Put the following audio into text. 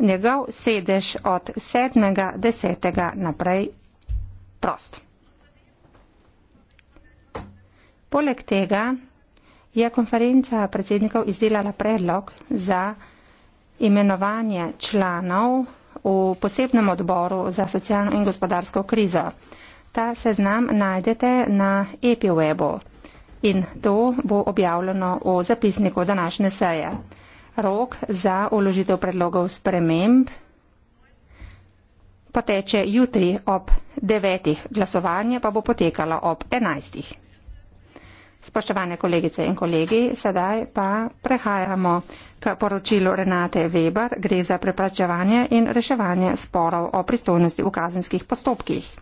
njegov sedež od 7.10. naprej prost. Poleg tega je konferenca predsednikov izdelala predlog za imenovanje članov v posebnem odboru za socialno in gospodarsko krizo. Ta seznam najdete na EPWebu in to bo objavljeno v zapisniku današnje seje. Rok za uložitev predlogov sprememb poteče jutri ob devetih, glasovanje pa bo potekalo ob enajstih. Spoštovane kolegice in kolegi, sedaj pa prehajamo k poročilu Renate Weber, gre za preprečevanje in reševanje sporov o pristojnosti v kazenskih postopkih.